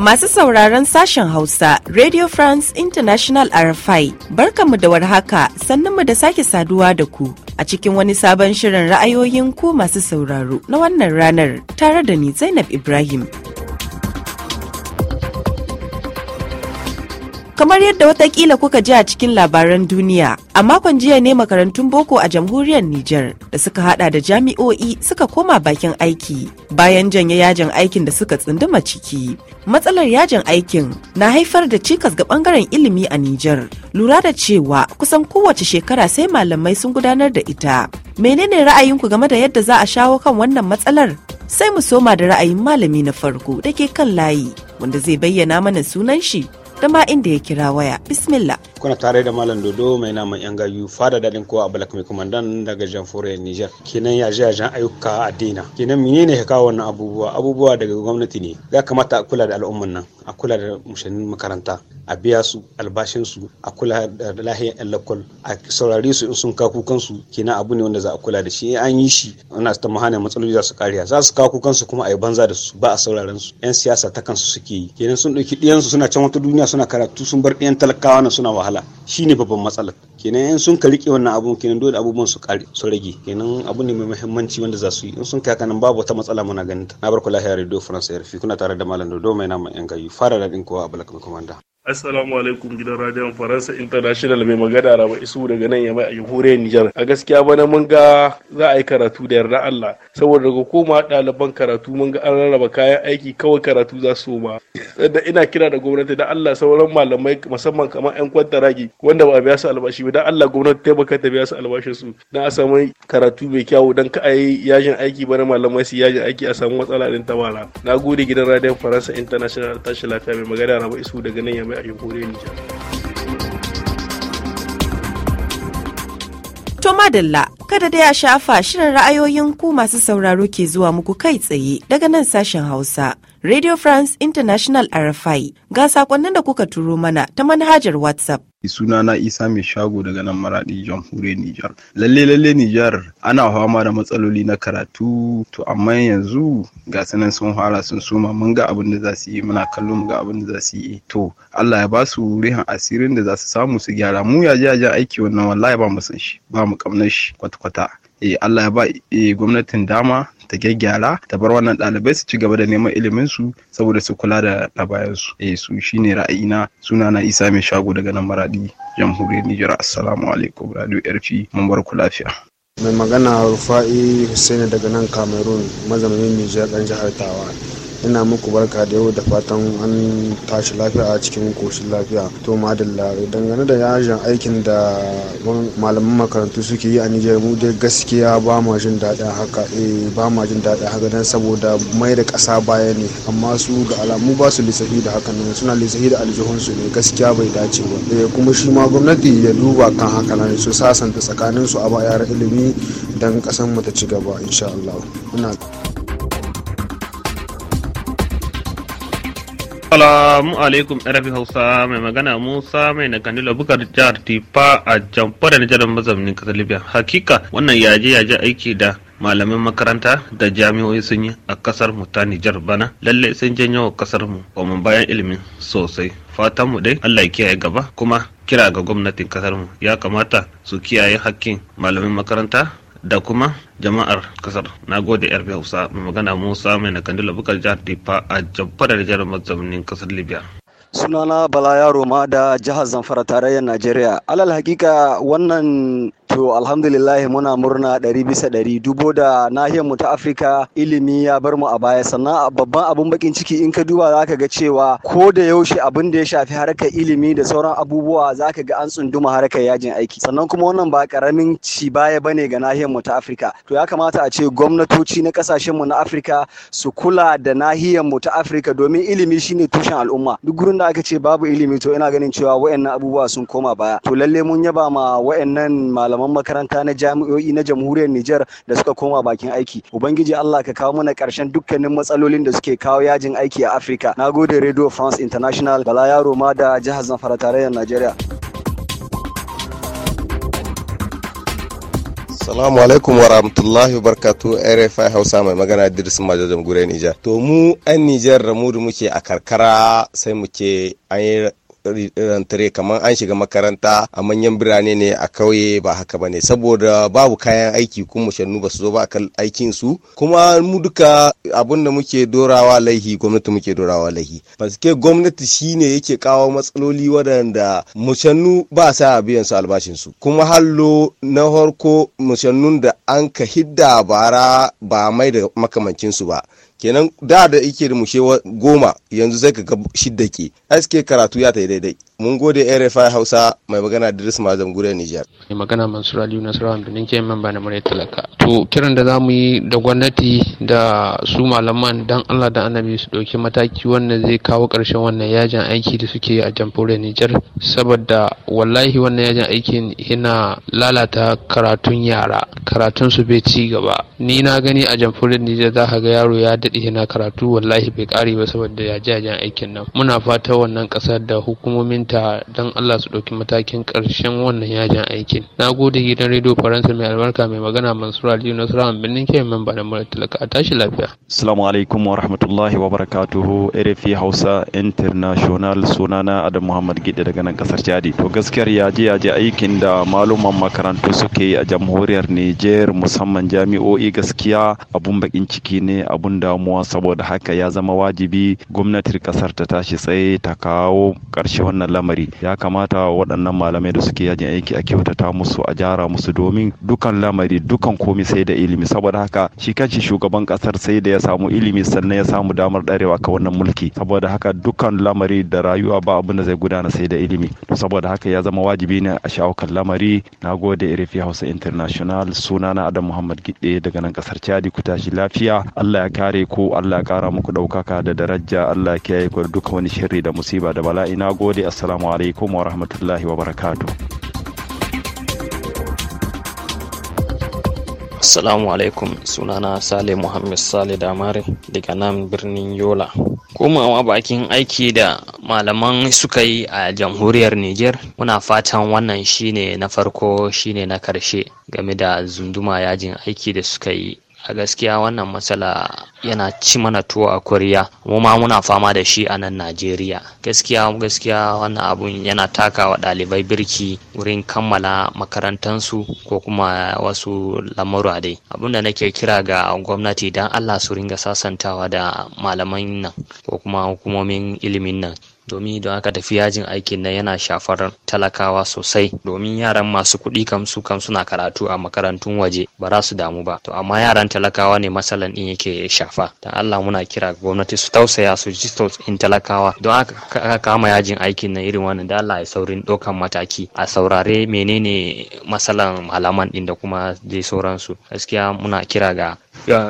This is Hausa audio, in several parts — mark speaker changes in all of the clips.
Speaker 1: Masu sauraron sashen Hausa, Radio France International RFI, barkanmu da warhaka mu da sake saduwa da ku a cikin wani sabon shirin ra'ayoyin ku masu sauraro na wannan ranar tare da ni Zainab Ibrahim. Kamar yadda watakila kuka ji a cikin labaran duniya, a makon jiya ne makarantun boko a jamhuriyar Nijar da suka hada da jami'o'i suka koma bakin aiki bayan janye yajin aikin da suka tsunduma ciki. Matsalar yajin aikin na haifar da cikas ga bangaren ilimi a Nijar, lura da cewa kusan kowace shekara sai malamai sun gudanar da ita. Menene ra'ayinku game da yadda za a shawo kan wannan matsalar? Sai mu soma da ra'ayin malami na farko da ke kan layi, wanda zai bayyana mana sunan shi da inda ya kira waya bismillah
Speaker 2: kuna tare da malam dodo mai naman yan gayu fada dadin kowa a balak mai kumandan daga fure niger kenan ya ji yajen ayyuka a dina kenan menene ya kawo wannan abubuwa abubuwa daga gwamnati ne ya kamata a kula da al'umman nan a kula da mushanin makaranta a biya su albashin su a kula da lahiyar yan lakol a saurare su in sun kawo kukansu kenan abu ne wanda za a kula da shi an yi shi ana ta mahana matsaloli za su kariya za su kawo kukansu kuma a yi banza da su ba a sauraron su yan siyasa ta kansu suke yi kenan sun ɗauki ɗiyansu suna can wata duniya suna karatu sun bar ɗiyan talakawa na suna wahala wahala ne babban matsalar kenan in sun ka rike wannan abun kenan dole abubuwan su kare su rage kenan abu ne mai muhimmanci wanda za su yi in sun kai nan babu wata matsala muna ganin ta na barku lahiya radio france rfi kuna tare da malam dodo mai nama yan gayu fara da din kowa a black commander Assalamu alaikum gidan radiyon Faransa International mai magana Raba Isu daga nan ya mai a jamhuriyar Nijar. A gaskiya bana mun ga za a yi karatu da yarda
Speaker 3: Allah saboda daga koma ɗaliban karatu mun ga an rarraba kayan aiki kawai karatu za su ma. Da ina kira da gwamnati da Allah sauran malamai musamman kamar 'yan kwantaragi wanda ba a biya su albashi ba da Allah gwamnati taimaka ta biya su albashin su dan a samu karatu mai kyawu dan ka yi yajin aiki bana malamai su yajin aiki a samu matsala din tabara. Na gode gidan radiyon Faransa International
Speaker 2: tashi lafiya mai magana Raba Isu daga nan ya mai a jamhuriyar Nijar.
Speaker 1: To madalla kada da ya shafa shirin ra'ayoyin ku masu sauraro ke zuwa muku kai tsaye daga nan sashen Hausa. Radio France International RFI ga sakonnin da kuka turo mana ta manhajar WhatsApp. suna na isa mai
Speaker 2: shago daga nan maradi jamhuriyar Nijar. Lalle lalle Nijar ana fama da matsaloli na
Speaker 4: karatu to amma yanzu ga nan sun fara sun suma mun ga abin da za su yi muna kallo mu ga abin da za su yi to Allah ya ba su rihan asirin da za su samu su gyara mu ya jaja aiki wannan wallahi ba mu san shi ba mu kamnar shi kwata-kwata eh Allah ya ba eh, gwamnatin dama ta gyaggyara ta bar wannan ɗalibai su ci gaba da neman ilimin su saboda su kula da labayan su eh su shine ra'ayina suna na Isa mai shago daga nan Maradi jamhuriyar Nijar assalamu alaikum radio RFI mun bar ku lafiya mai magana rufa'i hussaini daga nan cameroon mazaunin nijar dan jihar tawa ina muku barka da yau da fatan an tashi lafiya a cikin koshin lafiya to madalla dangane da yajin aikin da malaman makarantu suke yi a nijar mu dai gaskiya ba ma jin daɗin haka eh ba ma jin daɗin haka dan saboda mai da ƙasa baya ne amma su ga alamu ba su lissafi da hakan nan suna lissafi da aljihunsu ne gaskiya bai dace ba eh, kuma shi ma gwamnati ya duba kan haka nan su sasanta tsakanin su a ba yaran ilimi dan ƙasar mu ta ci gaba insha
Speaker 5: Allah ina Salamu alaikum RFI Hausa mai magana Musa mai na labukar jihar Tifa a Jamfara na jihar Mazaunin kasar Libya. Hakika wannan yaje yaje aiki da malaman makaranta da jami'o'i sun yi a kasar mu ta Nijar bana lalle sun janyo wa kasar mu kuma bayan ilimin sosai fatan mu dai Allah ya kiyaye gaba kuma kira ga gwamnatin kasar mu ya kamata su kiyaye hakkin malamin makaranta da kuma jama'ar kasar na gode yar hausa mai magana musa mai na kandila bukar jihar difa a jamfarar jihar mazaunin
Speaker 2: kasar libya sunana bala yaro ma da jihar zamfara tarayyar najeriya alal hakika wannan To alhamdulillah muna murna ɗari bisa ɗari dubo da nahiyar mu ta Afirka ilimi ya bar mu a baya sannan babban abun bakin ciki in ka duba zaka ga cewa ko da yaushe abin da ya shafi harkar ilimi da sauran abubuwa zaka ga an tsunduma harkar yajin aiki sannan kuma wannan ba karamin ci baya bane ga nahiyar mu ta Afirka to ya kamata a ce gwamnatoci na kasashen mu na Afirka su kula da nahiyar mu ta Afirka domin ilimi shine tushen al'umma duk gurin da aka ce babu ilimi to ina ganin cewa wayannan abubuwa sun koma baya to lalle mun yaba ma wayannan malaman malaman makaranta na jami'o'i na jamhuriyar Nijar da suka koma bakin aiki. Ubangiji Allah ka kawo mana ƙarshen dukkanin matsalolin da suke kawo yajin aiki a Afirka. Na gode Radio France International Bala Yaro ma da jihar Zamfara tarayyar Najeriya. Salamu alaikum wa rahmatullahi wa barkatu
Speaker 3: RFI Hausa mai magana Idris Maja jamhuriyar Nijar. To mu 'yan Nijar da mu da muke a karkara sai muke an yi rantare kamar an shiga makaranta a manyan birane ne a kauye ba haka ba ne saboda babu kayan aiki kuma mashannu ba su zo ba kan aikin su kuma mu duka abin da muke dorawa laihi gwamnati muke dorawa laihi ke gwamnati shi shine yake kawo matsaloli waɗanda mushannu ba sa biyan su albashin su kuma hallo na harko mushannun da an ka hidda bara ba mai da makamancinsu ba kenan da da yake da goma yanzu sai ka ga shidda ke suke karatu ya ta daidai mun gode rfi hausa mai magana idris mazam
Speaker 4: gure nijar mai magana mansur aliyu nasarawa birnin ke memba na murya talaka to kiran da zamu yi da gwamnati da su malaman dan allah da annabi su ɗauki mataki wannan zai kawo ƙarshen wannan yajin aiki da suke a jamhuriyar nijar saboda wallahi wannan yajin aikin yana lalata karatun yara karatun su bai ci gaba ni na gani a jamhuriyar nijar za ka ga yaro ya daɗe yana karatu wallahi bai kare ba saboda yajin aikin nan muna fata wannan ƙasar da hukumomin ta don Allah su ɗauki matakin ƙarshen wannan yajin aikin. Na gode gidan rediyo Faransa mai albarka mai magana Mansur Aliyu Nasara birnin ke memba da mura talaka a tashi lafiya.
Speaker 2: Assalamu alaikum wa rahmatullahi wa barakatuhu RFI Hausa International sunana Adam Muhammad Gide daga nan kasar Chadi. To gaskiyar yaje yaje aikin da maluman makarantu suke yi a jamhuriyar Niger musamman jami'o'i gaskiya abun bakin ciki ne abun damuwa saboda haka ya zama wajibi gwamnatin kasar ta tashi tsaye ta kawo ƙarshe wannan lamari ya kamata waɗannan malamai da suke yajin aiki a kyautata musu a jara musu domin dukan lamari dukan komi sai da ilimi saboda haka shi kanshi shugaban kasar sai da ya samu ilimi sannan ya samu damar ɗarewa ka wannan mulki saboda haka dukan lamari da rayuwa ba abin da zai gudana sai da ilimi saboda haka ya zama wajibi ne a shawo lamari na gode irifi hausa international sunana adam muhammad gidde daga nan kasar chadi ku tashi lafiya allah ya kare ku allah ya kara muku ɗaukaka da daraja allah ya kiyaye ku duka wani shirri da musiba da bala'i na gode assalamu Assalamu alaikum wa rahmatullahi wa barakatuh. Assalamu alaikum sunana
Speaker 5: Sale Muhammad Sale damari daga nan birnin Yola. Komawa bakin aiki da malaman suka yi a jamhuriyar Nijar, muna fatan wannan shine na farko shine na karshe game da zunduma yajin aiki da suka yi a gaskiya wannan matsala yana ci mana tuwo a koriya mu ma muna fama da shi a nan najeriya gaskiya gaskiya wannan abun yana takawa ɗalibai birki wurin kammala makarantansu ko kuma wasu lamura dai abun da nake kira ga gwamnati don allah su ringa sasantawa da malaman nan ko kuma hukumomin ilimin nan domin don aka tafi yajin aikin nan yana shafar talakawa sosai domin yaran masu kuɗi kam su kam suna karatu a makarantun waje ba za su damu ba to amma yaran talakawa ne matsalan din yake shafa dan Allah muna kira gwamnati su tausaya su ji in talakawa don aka kama yajin aikin nan irin wannan da Allah ya saurin ɗaukan mataki a saurare menene matsalan malaman din da kuma dai sauransu gaskiya muna kira ga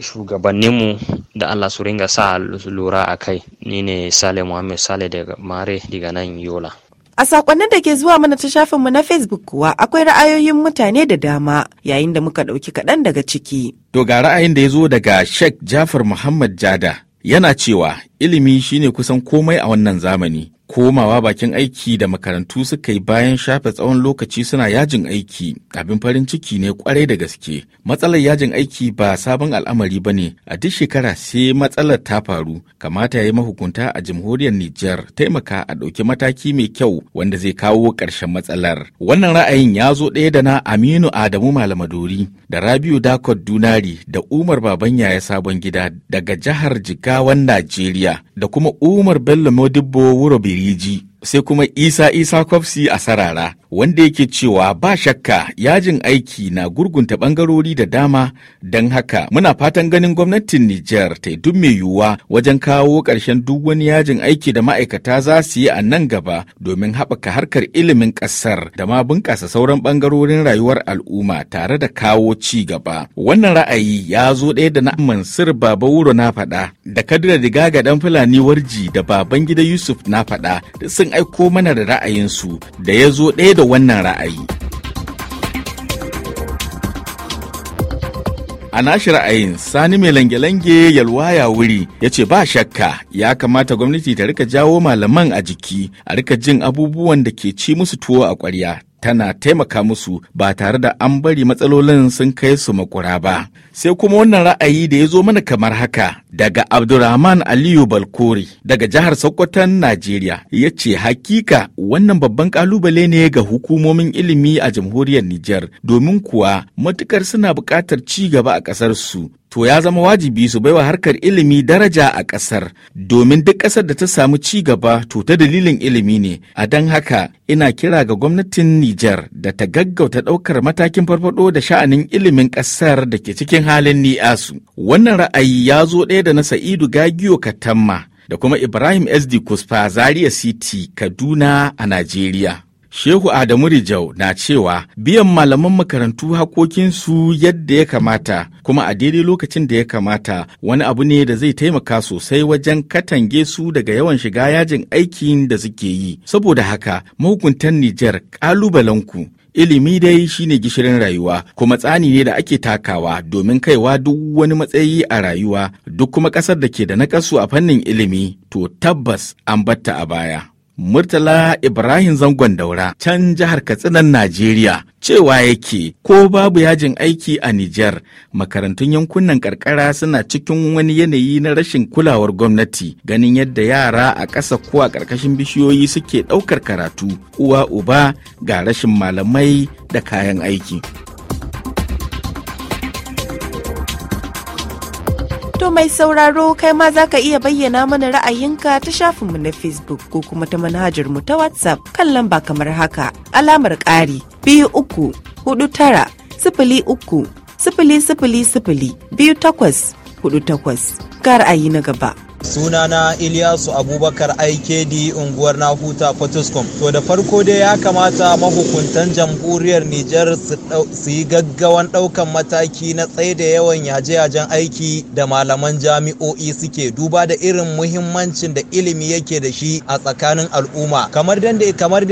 Speaker 5: shugabanninmu da Allah su ringa sa lura a kai ni ne Sale Muhammad Sale daga Mare daga nan Yola.
Speaker 1: A sakonnin da ke zuwa mana ta shafinmu na Facebook kuwa akwai ra'ayoyin mutane da dama yayin da muka ɗauki kaɗan daga ciki.
Speaker 5: To ga ra'ayin da ya zo
Speaker 3: daga Sheikh Jafar Muhammad Jada yana cewa ilimi shine kusan komai a wannan zamani komawa bakin aiki da makarantu suka yi bayan shafe tsawon lokaci suna yajin aiki abin farin ciki ne kwarai da gaske matsalar yajin aiki ba sabon al'amari ba ne a duk shekara sai matsalar ta faru kamata ya yi mahukunta a jamhuriyar nijar taimaka a ɗauki mataki mai kyau wanda zai kawo ƙarshen matsalar wannan ra'ayin ya zo ɗaya da na aminu adamu malamadori da rabiu dakot dunari da umar baban yaya sabon gida daga jihar jigawan najeriya da kuma umar bello modibbo wurobiri Covid sai kuma isa isa kwafsi a sarara wanda yake cewa ba shakka yajin aiki na gurgunta bangarori da dama don haka muna fatan ganin gwamnatin nijar ta duk mai yiwuwa wajen kawo ƙarshen duk wani yajin aiki da ma'aikata za su yi a nan gaba domin haɓaka harkar ilimin ƙasar da ma bunƙasa sauran bangarorin rayuwar al'umma tare da kawo ci gaba wannan ra'ayi ya zo ɗaya da na mansur baba wuro na faɗa da kadira diga gadan fulani warji da baban gida yusuf na faɗa sun aiko mana da ra'ayinsu da ya zo ɗaya da wannan ra'ayi. A nashi ra'ayin Sani mai lange-lange yalwaya wuri ya ce ba shakka ya kamata gwamnati ta rika jawo malaman a jiki a rika jin abubuwan da ke ci musu tuwo a ƙwarya tana taimaka musu ba tare da an bari matsalolin sun kai su makura ba. Sai kuma wannan ra'ayi da ya zo mana kamar haka daga Abdurrahman Aliyu Balkori daga jihar Sokoton Najeriya ya ce hakika wannan babban kalubale ne ga hukumomin ilimi a jamhuriyar Nijar domin kuwa matukar suna buƙatar ci gaba a ƙasarsu, su to ya zama wajibi su baiwa harkar ilimi daraja a ƙasar domin duk ƙasar da ta samu ci gaba to ta dalilin ilimi ne a don haka ina kira ga gwamnatin Nijar da ta gaggauta ɗaukar matakin farfado da sha'anin ilimin ƙasar da ke cikin halin ni'asu wannan ra'ayi ya zo ɗaya da na Sa'idu Gagiyo Katamma da kuma Ibrahim SD kuspa Zaria City Kaduna a Najeriya. Shehu Adamu Rijau na cewa biyan malaman makarantu hakokinsu yadda ya kamata kuma a daidai lokacin da ya kamata wani abu ne da zai taimaka sosai wajen katange su daga yawan shiga yajin aikin da suke yi. Saboda haka mahukuntan Nijar ƙalubalenku Ilimi dai shine gishirin rayuwa kuma tsani ne da ake takawa domin kaiwa duk wani matsayi a rayuwa duk kuma ƙasar da ke da nakasu a fannin ilimi to tabbas an batta a baya. Murtala Ibrahim Zangon Daura can jihar Katsinan Najeriya cewa yake ko babu yajin aiki a Nijar makarantun yankunan karkara suna cikin wani yanayi na rashin kulawar gwamnati ganin yadda yara a ƙasa ko a ƙarƙashin bishiyoyi suke ɗaukar karatu uwa uba ga rashin malamai da kayan aiki.
Speaker 1: To mai sauraro kai ma za ka iya bayyana mana ra'ayinka ta shafinmu na Facebook ko kuma ta manhajar mu ta WhatsApp kan lamba kamar haka alamar ƙari biyu uku hudu tara sifili uku sifili sifili sifili biyu takwas hudu takwas. Ga ra'ayi na gaba.
Speaker 2: sunana Ilyasu Abubakar Aikedi unguwar na huta potoscom To da farko dai ya kamata mahukuntan jamhuriyar Nijar su yi gaggawan ɗaukan mataki na tsaye da yawan yaje-yajen aiki da malaman jami'o'i suke duba da irin muhimmancin da ilimi yake da shi a tsakanin al'umma. Kamar da da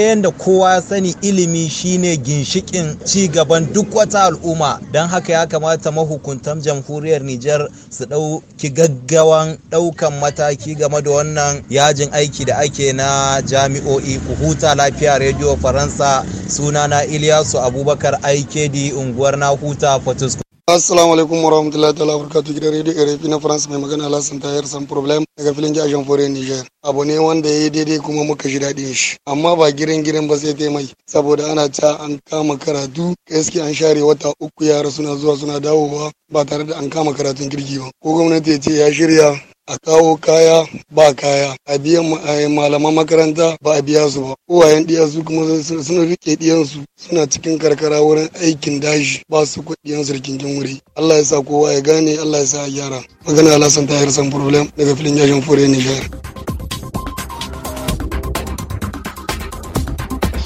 Speaker 2: yadda kowa sani ilimi shine ginshikin ci gaban duk wata al'umma. Don haka ya kamata mahukuntan jamhuriyar Nijar su ɗauki gaggawan ɗaukan mataki game da wannan yajin aiki da ake na jami'o'i ku huta lafiya rediyo faransa sunana iliyasu abubakar ikd unguwar na huta fatusko assalamu alaikum warahmatullahi ta'ala wabarakatuh gidan radio rfi na faransa mai magana lasan tayar san problem daga filin jajen fore niger abu ne wanda ya yi daidai kuma muka ji daɗin shi amma ba girin girin ba sai taimai mai saboda ana ca an kama karatu gaske an share wata uku yara suna zuwa suna dawowa ba tare da an kama karatun kirki ba ko gwamnati ya ce ya shirya a kawo kaya ba kaya a biyan malaman makaranta ba a biya su ba uwayen ɗiya su kuma suna rike ɗiyansu suna cikin karkara wurin aikin dashi ba su kuɗi su sarkin wuri Allah ya sa kowa ya gane Allah ya sa a gyara magana san tayar San Problem daga filin yashin Fure Nijar.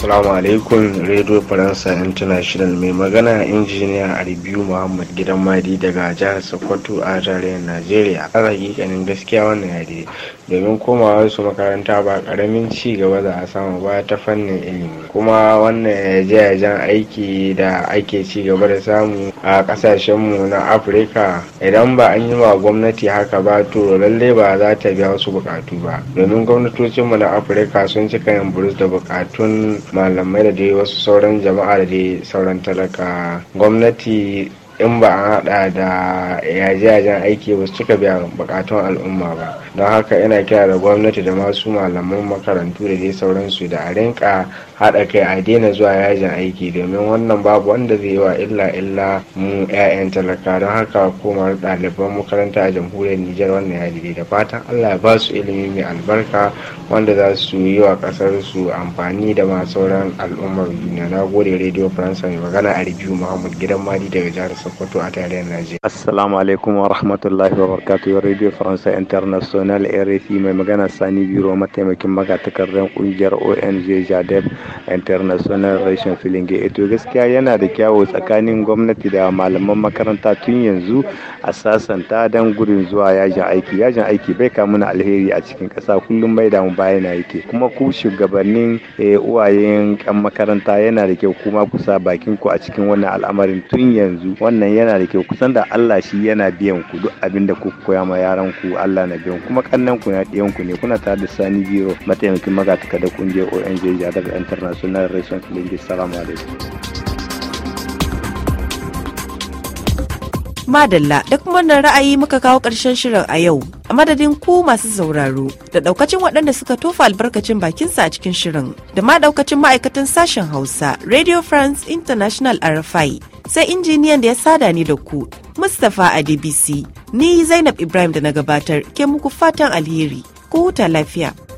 Speaker 4: Assalamu alaikum Radio Faransa International mai magana injiniya Aribiu Muhammad Gidan Madi daga jihar Sokoto a tarayyar Najeriya. A hakikanin gaskiya wannan yare domin komawa su makaranta ba karamin ci gaba za a samu ba ta fannin ilimi. Kuma wannan yajen aiki da ake ci gaba da samu a kasashenmu na Afirka idan ba an yi wa gwamnati haka ba to lalle ba za ta biya wasu bukatu ba. Domin gwamnatocinmu na Afirka sun cika yin burus da bukatun malamai da dai wasu sauran jama'a da dai sauran talaka gwamnati in ba an hada da yaje-yajen aiki ba su cika biya bukatun al'umma ba don haka ina kira da gwamnati da masu malaman makarantu da dai sauransu da a rinka haɗa kai a daina zuwa yajin aiki domin wannan babu wanda zai yi wa illa illa mu 'ya'yan talaka don haka hukumar ɗaliban makaranta a jamhuriyar nijar wannan ya daidai da fatan allah ya ba su ilimi mai albarka wanda za su yi wa ƙasar su amfani da ma sauran al'ummar duniya na gode radio faransa mai magana a rijiyu muhammad gidan madi daga jihar sokoto a tarayyar najeriya assalamu alaikum wa rahmatullahi wa barakatuh radio faransa international rfi mai magana sani biro mataimakin magatakardar kungiyar ong jadef international rashin filin eto eh, gaskiya yana da kyawu tsakanin gwamnati da malaman makaranta tun yanzu a sasanta don gudun zuwa yajin aiki yajin aiki bai kamu na alheri a cikin kasa kullum bai damu bayan yake kuma ku shugabannin eh, uwayen kan makaranta yana da kyau kuma ku sa bakin ku a cikin wannan al'amarin tun yanzu wannan yana da kyau kusan da Allah shi yana biyan ku duk abin da ku koya ma yaran ku Allah na biyan kuma kannan ku na ɗiyan ku ne kuna tare da Sani Biro mataimakin magatakarda kungiyar ONG Jadar international reshen filingi salamu alaikum
Speaker 1: madalla da wannan ra'ayi muka kawo ƙarshen shirin a yau a madadin ku masu sauraro da ɗaukacin waɗanda suka tofa albarkacin bakinsa a cikin shirin da ma daukacin ma'aikatan sashen hausa radio france international rfi sai injiniyan da ya sada ni da ku mustapha a dbc ni zainab ibrahim da na gabatar ke muku fatan alheri ku huta lafiya